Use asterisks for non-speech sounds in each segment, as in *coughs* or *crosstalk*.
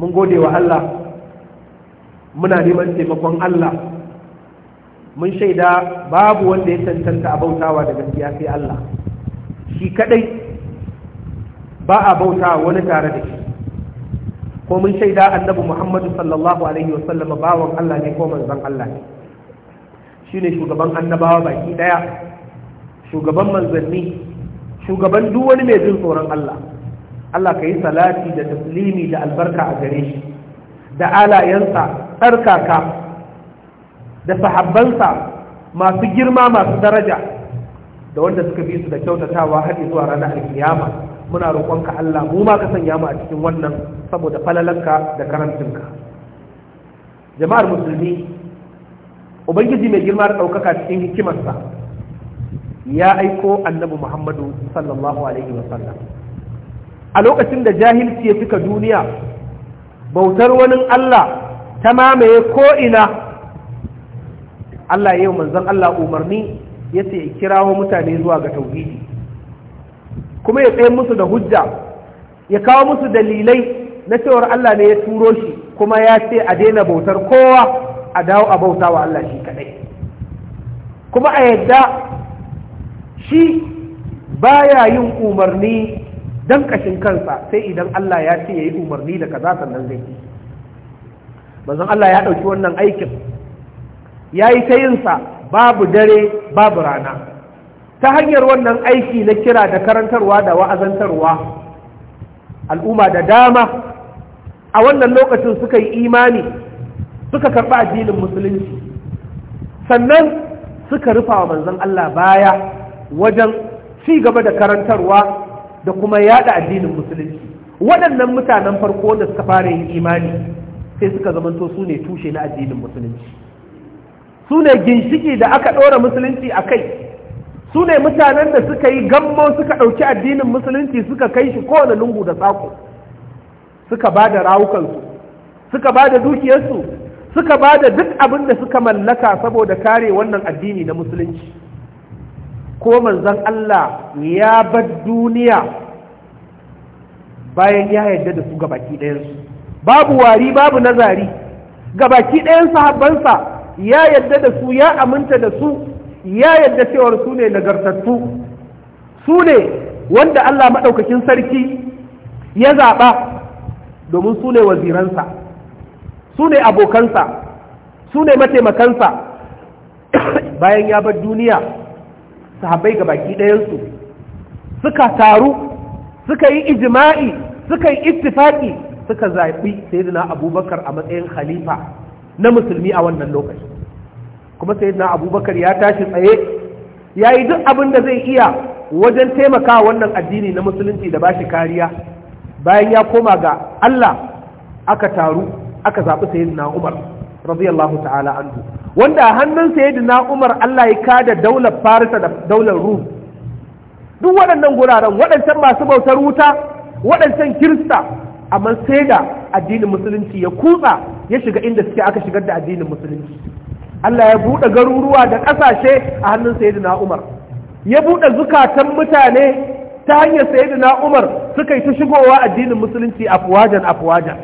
mun gode wa Allah muna neman taimakon Allah mun shaida babu wanda ya tantanta a bautawa da gaskiya sai Allah shi kadai ba a bauta wani tare da shi ko mun shaida annabi Muhammadu sallallahu alaihi wasallam bawan Allah ne ko manzon Allah ne shine shugaban annabawa baki daya shugaban manzanni shugaban duk wani mai jin tsoron Allah Allah ka yi salati da taslimi da albarka a gare shi da alayensa tsarkaka da sahabbansa masu girma masu daraja da wanda suka bi su da kyautatawa har zuwa ranar alkiyama muna roƙonka Allah mu ma ka sanya mu a cikin wannan saboda falalanka da karantinka jama'ar musulmi ubangiji mai girma da ɗaukaka cikin hikimarsa ya aiko annabi muhammadu sallallahu alaihi sallam. a lokacin da jahilci ya cika duniya bautar wani Allah ta mamaye ko'ina Allah yau manzan Allah umarni ya ce kirawo mutane zuwa ga tauhidi kuma ya tsaye musu da hujja ya kawo musu dalilai na cewar Allah ne ya turo shi kuma ya ce a daina bautar kowa a dawo a bauta wa Allah shi kadai kuma a yadda shi baya yin umarni dan kashin kansa sai idan Allah ya ce yayi umarni da kaza sannan zai yi bazan Allah ya ɗauki wannan aikin yayi ta yin sa babu dare babu rana ta hanyar wannan aiki na kira da karantarwa da wa'azantarwa al'umma da dama a wannan lokacin suka yi imani suka karɓi addinin musulunci sannan suka rufa wa manzon Allah baya wajen ci gaba da karantarwa da kuma yada addinin musulunci waɗannan mutanen farko da suka fara yin imani sai suka zamanto su ne tushe na addinin musulunci su ne ginshiki da aka ɗora musulunci a kai su ne mutanen da suka yi gambo suka ɗauki addinin musulunci suka kai shi kowane lungu da tsako suka ba da rawukansu suka ba da dukiyarsu suka ba da duk abin da suka mallaka saboda kare wannan addini na musulunci ko manzon Allah ya bar duniya bayan ya yarda da su gabaki ɗayansu babu wari babu nazari gabaki ɗayan sahabbansa ya yarda da su ya aminta da su ya yarda cewar su ne nagartattu su ne wanda Allah maɗaukakin sarki ya zaɓa domin su ne waziransa su ne abokansa su ne mataimakansa *coughs* bayan ya bar duniya sahabbai ga baki ɗayansu suka taru suka yi ijima'i suka yi ittifaki suka zaɓi sayyidina abubakar a matsayin khalifa na musulmi a wannan lokaci kuma sayyidina abubakar ya tashi tsaye ya yi duk abin da zai iya wajen taimaka wannan addini na musulunci da bashi kariya bayan ya koma ga Allah aka taru aka zaɓi sayyidina umar radiyallahu ta'ala anhu wanda a hannun na Umar Allah ya kada daular Farisa da daular Rum duk waɗannan guraren waɗancan masu bautar wuta waɗancan Kirista amma sai da addinin musulunci ya kutsa ya shiga inda suke aka shigar da addinin musulunci Allah ya buɗe garuruwa da ƙasashe a hannun sayyidina Umar ya buɗe zukatan mutane ta hanyar sayyidina Umar suka yi ta shigowa addinin musulunci afwajan afwajan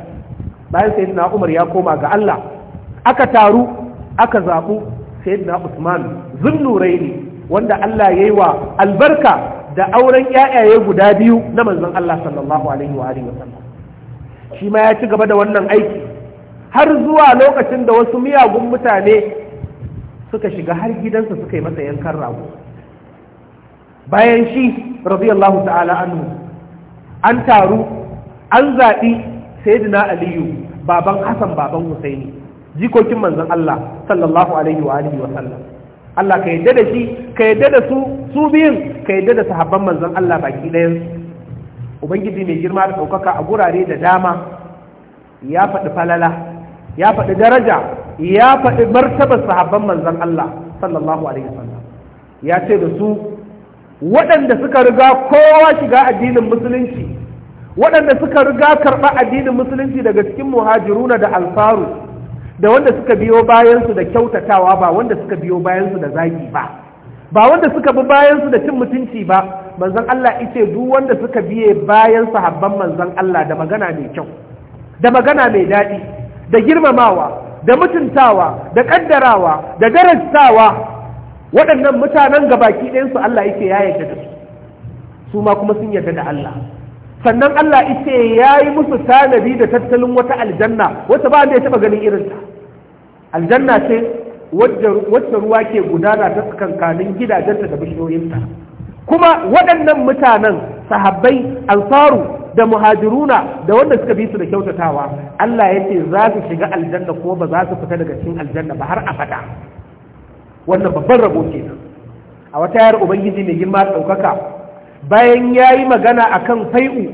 bayan sayyidina Umar ya koma ga Allah aka taru aka zaɓu sayyidina usman zunnurai ne wanda Allah ya yi wa albarka da auren yayaye guda biyu na manzon Allah sallallahu alaihi wa alihi wasallam shi ma ya ci gaba da wannan aiki har zuwa lokacin da wasu miyagun mutane suka shiga har gidansa suka yi masa yankan rago bayan shi radiyallahu ta'ala anhu an taru an zaɓi sayyidina aliyu baban hasan baban husaini jikokin manzon Allah sallallahu alaihi wa alihi wa sallam Allah ka yadda da shi ka yadda da su su biyun ka yadda da sahabban manzon Allah baki ɗayan ubangiji mai girma da ɗaukaka a gurare da dama ya faɗi falala ya faɗi daraja ya faɗi martabar sahabban manzon Allah sallallahu alaihi wa sallam ya ce da su waɗanda suka riga kowa shiga addinin musulunci waɗanda suka riga karɓa addinin musulunci daga cikin muhajiruna da alfaru da wanda suka biyo bayansu da kyautatawa ba wanda suka biyo bayansu da zagi ba ba wanda suka bi bayansu da cin mutunci ba manzon Allah ice duk wanda suka biye bayan habban manzon Allah da magana mai kyau da magana mai daɗi da girmamawa da mutuntawa da ƙaddarawa da darasawa waɗannan mutanen gabaki ɗayansu Allah yake ya yarda da su su ma kuma sun yarda da Allah sannan Allah ice ya yi musu tanadi da tattalin wata aljanna wata ba da ya taɓa ganin irinta aljanna ce wacce ruwa ke gudana ta tsakankanin gidajenta da bishiyoyinta kuma waɗannan mutanen sahabbai ansaru da muhajiruna da wanda suka bi su da kyautatawa Allah ya ce za su shiga aljanna ko ba za su fita daga cikin aljanna ba har a faɗa. wannan babban rabo nan. a wata yar ubangiji mai girma ɗaukaka bayan ya yi magana akan fai'u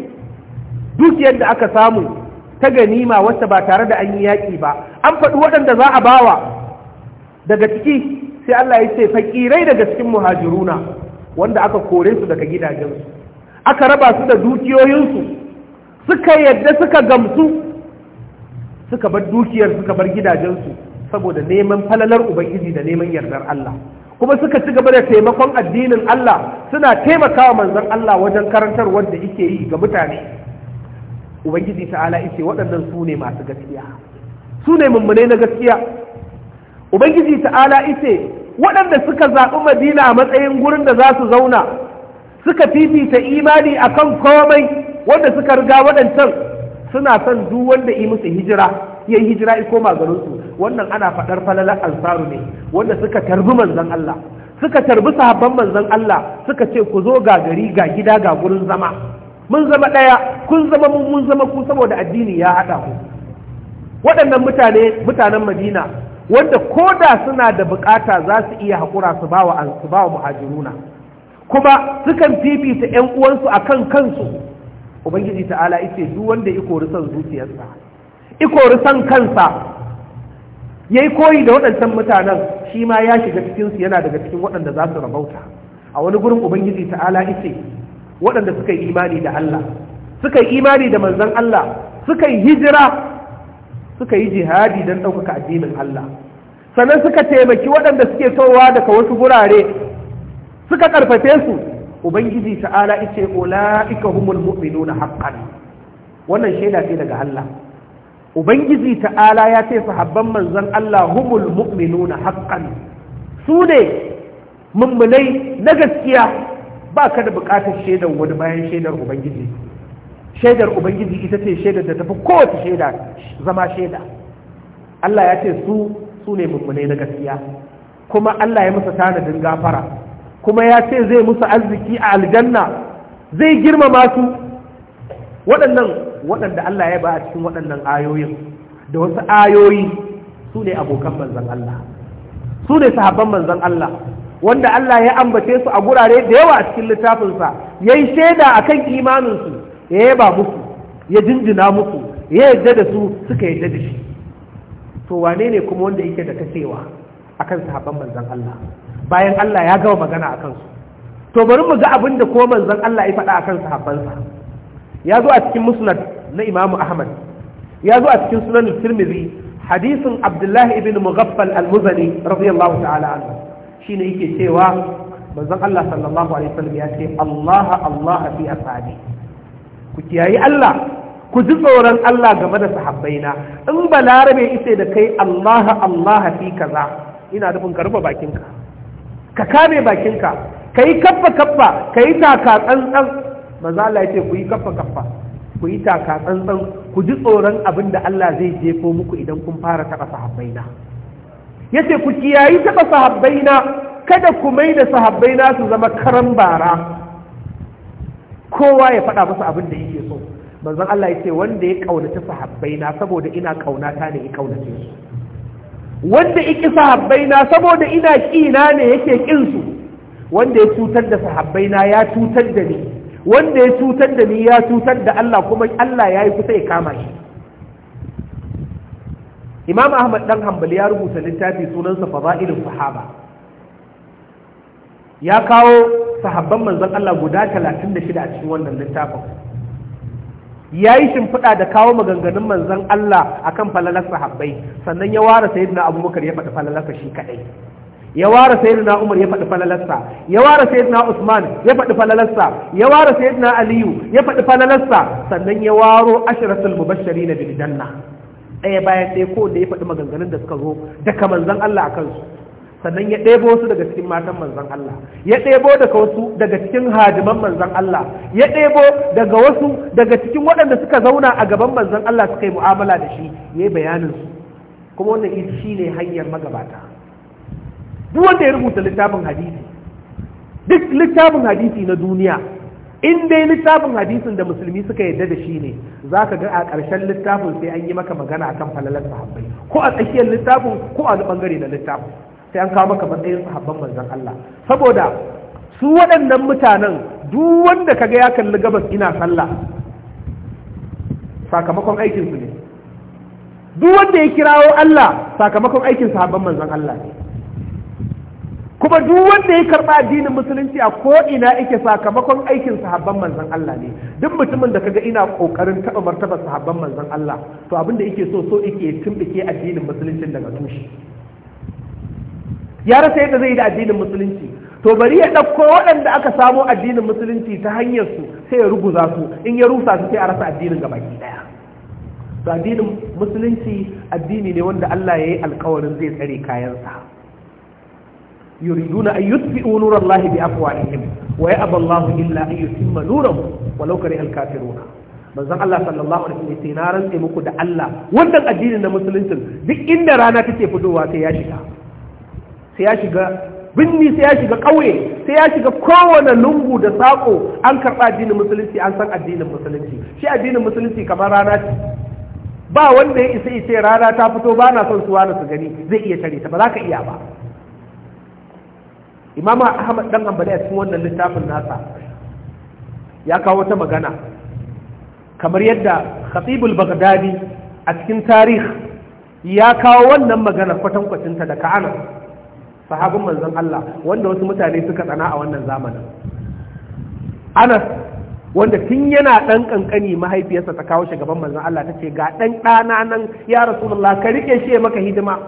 dukiyar da aka samu ta ganima wacce ba tare da an yi yaƙi ba an faɗi waɗanda za a bawa daga ciki sai Allah ya ce faƙirai daga cikin muhajiruna wanda aka kore su daga gidajensu aka raba su da dukiyoyinsu suka yadda suka gamsu suka bar dukiyar suka bar gidajensu saboda neman falalar ubangiji da neman yardar Allah kuma suka ci gaba da taimakon addinin Allah suna taimakawa manzon Allah wajen karantar wanda yake yi ga mutane ubangiji ta'ala ce waɗannan su ne masu gaskiya su ne mummunai na gaskiya ubangiji ta'ala ce waɗanda suka zaɓi madina a matsayin gurin da za su zauna suka fifita imani akan komai wanda suka riga waɗancan suna son duk wanda yi musu hijira ya yi hijira ya koma garinsu wannan ana faɗar falalar ansaru ne wanda suka tarbi manzon Allah suka tarbi sahabban manzon Allah suka ce ku zo ga gari ga gida ga gurin zama mun zama ɗaya kun zama mun mun zama ku saboda addini ya haɗa ku waɗannan mutane mutanen madina wanda ko da suna da bukata za su iya haƙura su ba wa muhajiruna kuma sukan fifita ƴan uwansu a kan kansu ubangiji ta'ala ita duk wanda ya kori zuciyarsa ikori san kansa ya yi koyi da waɗancan mutanen shi ma ya shiga cikinsu yana daga cikin waɗanda za su rabauta a wani gurin ubangiji ta'ala ita waɗanda suka yi imani da Allah suka yi imani da manzon Allah suka yi hijira suka yi jihadi don ɗaukaka addinin Allah sannan suka taimaki waɗanda suke sowa daga wasu gurare suka ƙarfafe su ubangiji ta'ala ice ula'ika humul mu'minuna haqqan wannan shaida ce daga Allah ubangiji ta'ala ya ce sahabban manzon Allah humul mu'minuna haqqan su ne mummunai na gaskiya ba ka da bukatar shaidar wani bayan shaidar ubangiji shaidar ubangiji ita ce shaidar da tafi kowace shaida zama shaida Allah ya ce su su ne mummune na gaskiya kuma Allah ya musu tanadin gafara kuma ya ce zai musu arziki a aljanna zai girmama su waɗannan waɗanda Allah ya ba a cikin waɗannan ayoyin da wasu ayoyi su ne abokan manzan Allah su ne sahabban manzan Allah wanda Allah ya ambace su a gurare da yawa a cikin littafinsa ya yi shaida a kan imaninsu ya yaba musu ya jinjina musu ya yadda da su suka yadda da shi to wane ne kuma wanda yake da kasewa a kan sahabban manzan Allah bayan Allah ya gama magana a kansu to bari mu ga abin da ko manzan Allah ya faɗa a kan sahabbansa ya zo a cikin musnad na imamu ahmad ya zo a cikin sunan tirmidhi hadisin abdullahi ibn mughaffal al-muzani radiyallahu ta'ala anhu ne yake cewa manzon Allah sallallahu alaihi wasallam ya ce Allah Allah fi ashabi ku kiyayi Allah ku ji tsoron Allah game da sahabbaina in balarabe ise da kai Allah Allah fi kaza ina nufin ka rufe bakinka ka kame bakinka ka yi kaffa kaffa ka yi taka tsantsan manzo Allah ya ce ku yi kaffa kaffa ku yi taka tsantsan ku ji tsoron abin da Allah zai jefo muku idan kun fara taɓa sahabbaina yace ku kiyayi taba sahabbaina kada ku mai da sahabbaina su zama karan bara kowa ya faɗa masa abin da yake so manzon Allah yace wanda ya kaunaci sahabbaina saboda ina kaunata ne ya kaunace su wanda ya ƙi sahabbaina saboda ina ƙina ne yake ƙinsu wanda ya cutar da sahabbaina ya cutar da ni wanda ya cutar da ni ya cutar da Allah kuma Allah ya yi kusa ya kama shi imam ahmad dan hanbali ya rubuta littafi sunansa irin sahaba ya kawo sahabban manzon Allah guda 36 a cikin wannan littafin yayi yi shimfiɗa da kawo maganganun manzon Allah akan falalar sahabbai sannan ya ware sayyidina abubakar ya faɗi falalarsa shi kaɗai ya ware sayyidina umar ya faɗi falalarsa ya ware sayyidina usman ya faɗi falalarsa ya ware sayyidina aliyu ya faɗi falalarsa sannan ya waro ashratul mubashirin bil janna ɗaya bayan ɗaya ko da ya faɗi maganganun da suka zo daga manzan Allah a kansu sannan ya ɗebo wasu daga cikin matan manzan Allah ya ɗebo daga wasu daga cikin hadiman manzan Allah ya ɗebo daga wasu daga cikin waɗanda suka zauna a gaban manzan Allah suka yi mu'amala da shi ya yi bayanin su kuma wannan shi ne hanyar magabata duk wanda ya rubuta littafin hadisi duk littafin hadisi na duniya in dai littafin hadisin da musulmi suka yadda da shi ne za ka ga a ƙarshen littafin sai an yi maka magana akan falalar sahabbai ko a tsakiyar littafin ko a bangare na littafin sai an kawo maka matsayin sahabban manzon Allah saboda su waɗannan mutanen duk wanda kaga ya kalli gabas ina sallah sakamakon aikin su ne duk wanda ya kirawo Allah sakamakon aikin sahabban manzon Allah ne kuma duk wanda ya karɓa addinin musulunci a ko ina yake sakamakon aikin sahabban manzon Allah ne duk mutumin da kaga ina kokarin taba martaba sahabban manzon Allah to abin da yake so so yake tumbike addinin musulunci daga tushe ya rasa yadda zai yi da addinin musulunci to bari ya ɗauko waɗanda aka samo addinin musulunci ta hanyar su sai ya ruguza su in ya rusa su sai a rasa addinin gaba ki daya to addinin musulunci addini ne wanda Allah ya yi alkawarin zai tsare kayansa يريدون أن يطفئوا نور الله بأفواههم ويأبى الله إلا أن يتم نوره ولو كره الكافرون manzon Allah sallallahu alaihi wasallam sai na rantse muku da Allah wannan addinin na musulunci duk inda rana take fitowa sai ya shiga sai ya shiga binni sai ya shiga ƙauye sai ya shiga kowane lungu da sako an karɓa addinin musulunci an san addinin musulunci shi addinin musulunci kamar rana ce ba wanda ya isa ce rana ta fito ba na son suwa na su gani zai iya tare ta ba za ka iya ba imama ahmad dan hanbali a cikin wannan littafin nasa ya kawo wata magana kamar yadda khatibul baghdadi a cikin tarih ya kawo wannan magana kwatankwacinta da ka'ana sahabin manzon Allah wanda wasu mutane suka tsana a wannan zamanin Anas wanda tun yana ɗan ƙanƙani mahaifiyarsa ta kawo shi gaban manzon Allah tace ga ɗan ɗana nan ya rasulullah ka riƙe shi maka hidima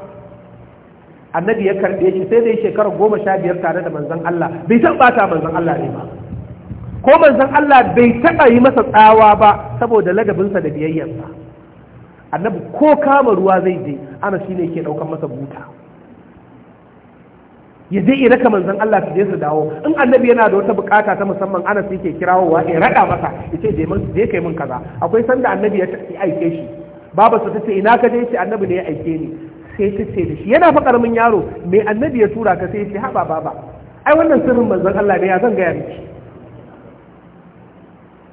annabi ya karbe shi sai dai shekara goma sha biyar tare da manzan Allah bai taɓa bata manzan Allah ne ba ko manzan Allah bai taɓa yi masa tsawa ba saboda ladabinsa da biyayyarsa annabi ko kama ruwa zai je ana shi ne ke ɗaukan masa buta ya je ya raka manzan Allah su je su dawo in annabi yana da wata bukata ta musamman ana su yake kirawowa ya raɗa masa ya ce je kai min kaza akwai sanda annabi ya aike shi su ta ce ina ka je ce annabi ne ya aike ni sai ta ce da shi yana fa karamin yaro mai annabi ya tura ka sai ya ce haba ba ai wannan sirrin manzon Allah ne ya zan gaya miki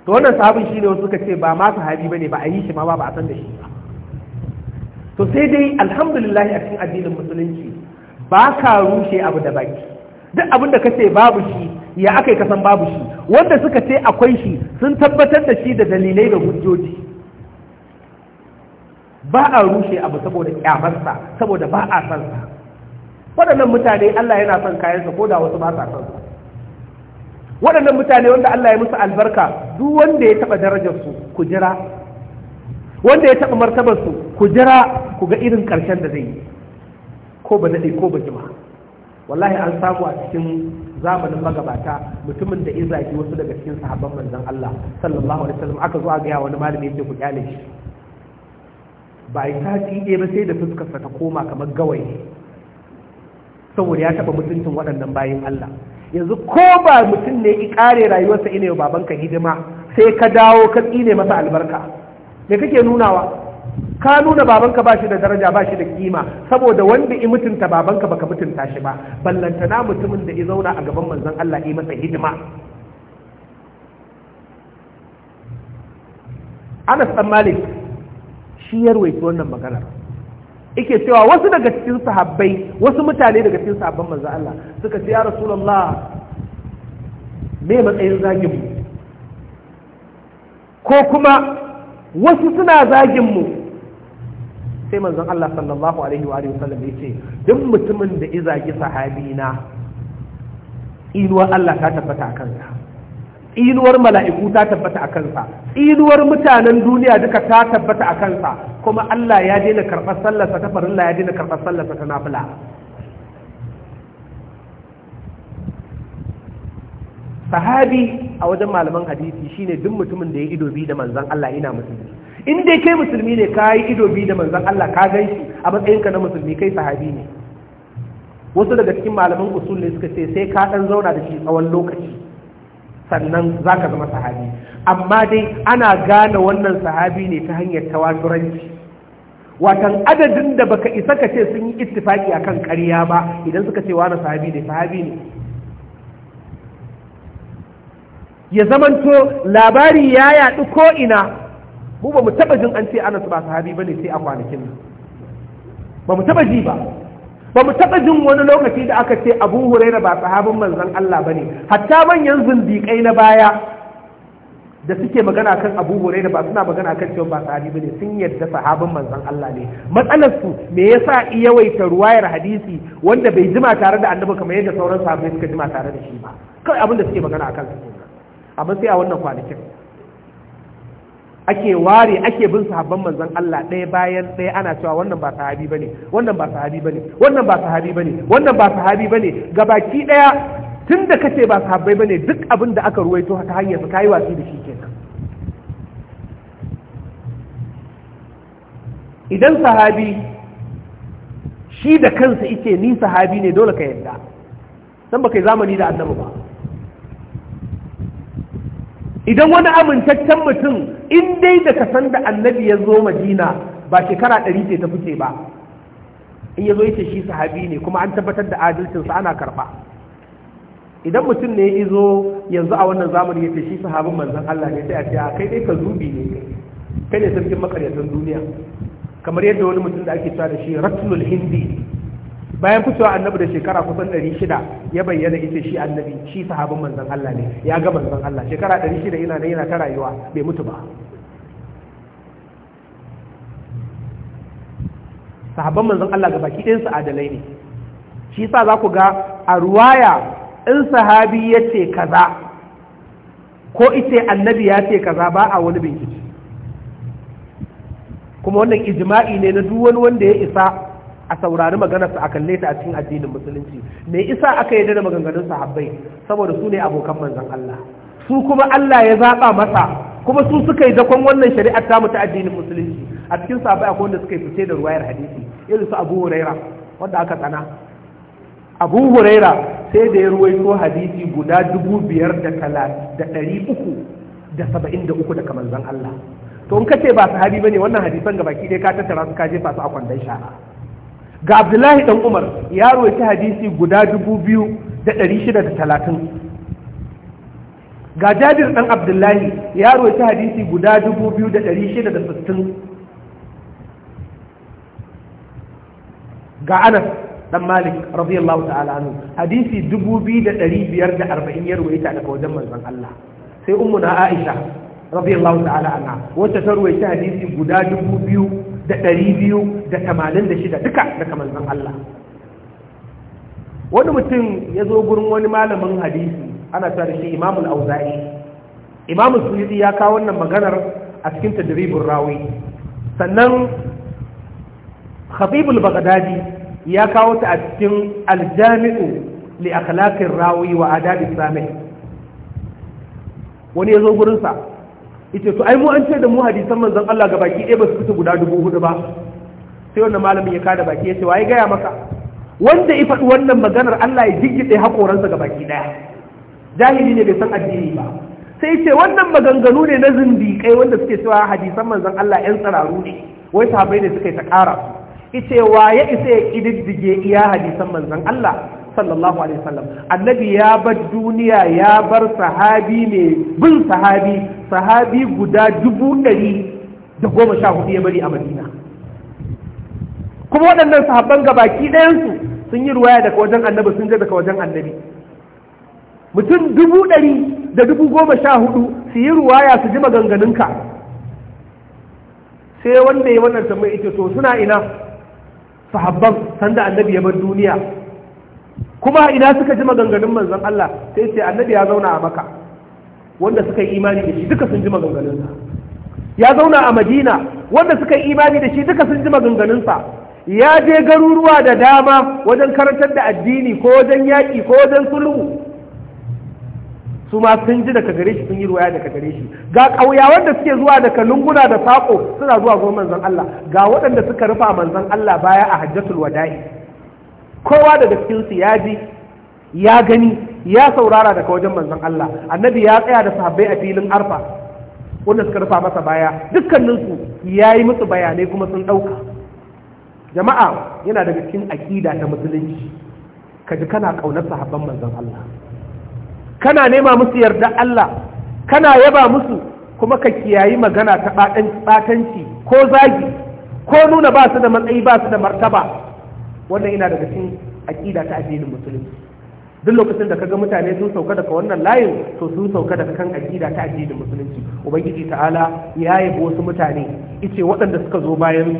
to wannan sahabin shine wasu suka ce ba ma sahabi bane ba a yi shi ma ba ba a san da shi ba to sai dai alhamdulillah a cikin addinin musulunci ba ka rushe abu da baki duk abin da kace babu shi ya akai kasan babu shi wanda suka ce akwai shi sun tabbatar da shi da dalilai da hujjoji ba a rushe abu saboda kyamarsa saboda ba a san sa waɗannan mutane Allah yana son kayansa ko da wasu ba sa son sa waɗannan mutane wanda Allah ya musu albarka duk wanda ya taɓa darajarsu ku jira wanda ya taɓa martabarsu ku jira ku ga irin ƙarshen da zai yi ko ba daɗe ko ba jima wallahi an samu a cikin zamanin magabata mutumin da izaki wasu daga cikin sahabban manzon Allah sallallahu alaihi wasallam aka zo a ga wani malami yake ku kyale shi ba yi sati ɗaya ba sai da fuskarsa ta koma kamar gawayi saboda ya taɓa mutuncin waɗannan bayan Allah yanzu ko ba mutum ne ya ƙare rayuwarsa ina yau babanka hidima sai ka dawo ka tsine masa albarka me kake nunawa ka nuna babanka ba shi da daraja ba shi da kima saboda wanda i mutunta babanka baka mutunta shi ba ballantana mutumin da i zauna a gaban manzon Allah i masa hidima Anas dan Malik shi ya wannan maganar ike cewa wasu daga cikin sahabbai wasu mutane daga cikin sahabban manzo Allah suka ce ya rasulullah me matsayin zagin mu ko kuma wasu suna zagin mu sai manzon Allah sallallahu alaihi wa alihi wasallam yace duk mutumin da izagi sahabi na inuwa Allah ta tabbata a kansa inuwar mala'iku ta tabbata a kansa inuwar mutanen duniya duka ta tabbata a kansa kuma Allah ya daina karɓar sallarsa ta farilla ya daina karɓar sallarsa ta nafila sahabi a wajen malaman hadisi shine duk mutumin da ya ido bi da manzan Allah ina musulmi in dai kai musulmi ne ka yi ido bi da manzan Allah ka gan shi a matsayinka na musulmi kai sahabi ne wasu daga cikin malaman usul ne suka ce sai ka ɗan zauna da shi tsawon lokaci sannan za ka zama sahabi amma dai ana gane wannan sahabi ne ta hanyar tawaturanci watan adadin da baka isa ka ce sun yi ittifaki akan karya ba idan suka ce wani sahabi ne sahabi ne ya zamanto labari ya yaɗu ko'ina mu ba mu taɓa jin an ce anas ba sahabi ba ne sai a kwanakin ba mu taɓa ji ba ba mu taɓa jin wani lokaci da aka ce abu huraira ba sahabin manzan Allah ba ne hatta manyan zindiƙai na baya da suke magana kan abu huraira ba suna magana kan cewa ba sahabi ba ne sun yadda sahabin manzan Allah ne matsalarsu me yasa yawaita ruwayar hadisi wanda bai jima tare da annabi kamar yadda sauran sahabbai suka jima tare da shi ba kawai abin da suke magana akan su amma sai a wannan kwanakin ake ware ake bin sahabban manzon Allah ɗaya bayan ɗaya ana cewa wannan ba sahabi bane wannan ba sahabi bane wannan ba sahabi bane wannan ba sahabi bane gabaki ɗaya tun da kace ba sahabbai bane duk abin da aka ruwaito ta hanyar su kai watsi da shi kenan idan sahabi shi da kansa yake ni sahabi ne dole ka yadda dan baka zamani da annabi ba idan wani amintaccen mutum in dai da ka san da annabi ya zo madina ba shekara ɗari ce ta fice ba in ya zo yake shi sahabi ne kuma an tabbatar da adalcinsa ana karɓa idan mutum ne ya zo yanzu a wannan zamani ya ce shi sahabin manzan Allah ne sai a ce kai dai ka zubi ne kai ne sarkin makaryatan duniya kamar yadda wani mutum da ake cewa da shi rasulul hindi bayan fitowa annabi da shekara kusan 600 ya bayyana ita shi annabi shi sahabin manzon Allah ne ya ga manzon Allah shekara 600 yana nan yana ta rayuwa bai mutu ba sahabban manzon Allah ga baki ɗayansu adalai ne shi sa za ku ga a ruwaya in sahabi ya ce kaza ko ita annabi ya ce kaza ba a wani bincike kuma wannan ijma'i ne na duk wani wanda ya isa a saurari maganarsa a kalle ta a cikin addinin musulunci me isa aka yi da maganganun sahabbai saboda su ne abokan manzon Allah su kuma Allah ya zaba masa kuma su suka yi dakon wannan shari'ar ta ta addinin musulunci a cikin sahabbai akwai wanda suka yi fice da ruwayar hadisi irin su Abu Huraira wanda aka tsana Abu Huraira sai da ya ruwaito hadisi guda dubu biyar da da ɗari uku da saba'in da uku daga manzon Allah to in ka ce ba sahabi bane wannan hadisan gabaki dai ka tattara su ka jefa su a kwandon shara ga abdullahi dan umar ya rawaita hadisi guda dubu biyu da ɗari shida da talatin ga jabir dan abdullahi ya rawaita hadisi guda dubu biyu da ɗari shida da sittin ga anas dan malik radiyallahu ta'ala anhu hadisi dubu biyu da ɗari biyar da arba'in ya roƙi daga wajen manzon allah sai ummu na aisha radiyallahu ta'ala anha wacce ta roƙi hadisi guda dubu biyu da ɗari biyu da tamanin da shida duka daga manzon Allah wani mutum ya zo gurin wani malamin hadisi ana cewa da shi imamul auza'i imamul suyuti ya kawo wannan maganar a cikin tadribin rawi sannan khatibul bagdadi ya kawo ta a cikin aljami'u li akhlaqir rawi wa adabi sami wani ya zo gurinsa ita to ai mu an ce da mu hadisan manzon Allah ga baki ɗaya ba su fita guda dubu hudu ba sai wannan malamin ya kada baki ya ce waye gaya maka wanda ya faɗi wannan maganar Allah ya jiggide haƙoransa ga baki ɗaya jahili ne bai san addini ba sai ce wannan maganganu ne na zindiƙai wanda suke cewa hadisan manzon Allah ƴan tsararu ne wai sahabbai ne suka yi ta ƙara ice ya isa ya ƙididdige iya hadisan manzon Allah sallallahu alaihi wasallam annabi ya bar duniya ya bar sahabi ne bin sahabi sahabi guda dubu ɗari da goma sha hudu ya bari a madina kuma waɗannan sahabban gabaki ɗayansu sun yi ruwaya daga wajen annabi sun je daga wajen annabi mutum dubu ɗari da dubu goma sha hudu su yi ruwaya su ji maganganunka sai wanda ya wannan tambayi ita to suna ina sahabban sanda annabi ya bar duniya kuma ina suka ji maganganun manzon Allah sai ce annabi ya zauna a maka wanda suka yi imani da shi duka sun ji maganganunsa ya zauna a madina wanda suka yi imani da shi duka sun ji maganganunsa ya je garuruwa da dama wajen karantar da addini ko wajen yaƙi ko wajen sulhu su ma sun ji daga gare shi sun yi ruwaya daga gare shi ga ƙauya wanda suke zuwa daga lunguna da saƙo suna zuwa gurin manzon Allah ga waɗanda suka rufa manzon Allah baya a hajjatul wada'i kowa daga cikinsu ya ji ya gani ya saurara daga wajen manzon Allah annabi ya tsaya da sahabbai a filin arfa wanda suka rufa masa baya dukkaninsu ya yi musu bayanai kuma sun ɗauka jama'a yana daga cikin aƙida ta musulunci ka ji kana ƙaunar sahabban manzon Allah kana nema musu yarda Allah kana yaba musu kuma ka kiyayi magana ta ɓatanci ko zagi ko nuna ba su da matsayi ba su da martaba wannan ina daga cikin aƙida ta addinin musulunci duk lokacin da kaga mutane sun sauka daga wannan layin to sun sauka daga kan aƙida ta addinin musulunci ubangiji ta'ala ya yi wasu mutane ice waɗanda suka zo bayan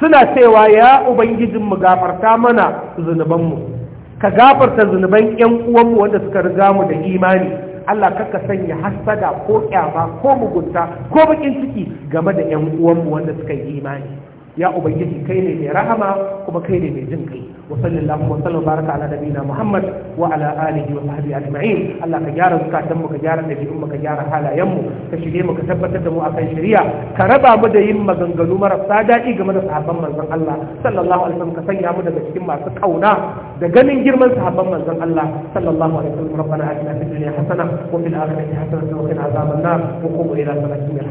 su suna cewa ya ubangijin mu gafarta mana zunubanmu ka gafarta zunuban ƴan uwanmu wanda suka riga mu da imani Allah kaka sanya hasada ko kyama ko mugunta ko bakin ciki game da ƴan uwanmu wanda suka yi imani ya ubangiji kai ne mai rahama kuma kai ne mai jin kai wa sallallahu wa sallam baraka ala nabiyina muhammad wa ala alihi wa sahbihi ajma'in Allah ka gyara zukatan mu ka gyara dabi'un mu ka gyara halayen mu ka shige mu ka tabbatar da mu akan shari'a ka raba mu da yin maganganu marasa daɗi game da sahabban manzon Allah sallallahu alaihi wasallam ka sanya mu daga cikin masu kauna da ganin girman sahabban manzon Allah sallallahu alaihi wasallam rabbana atina fid dunya hasana wa fil akhirati hasana wa qina azaban nar wa qum ila salatin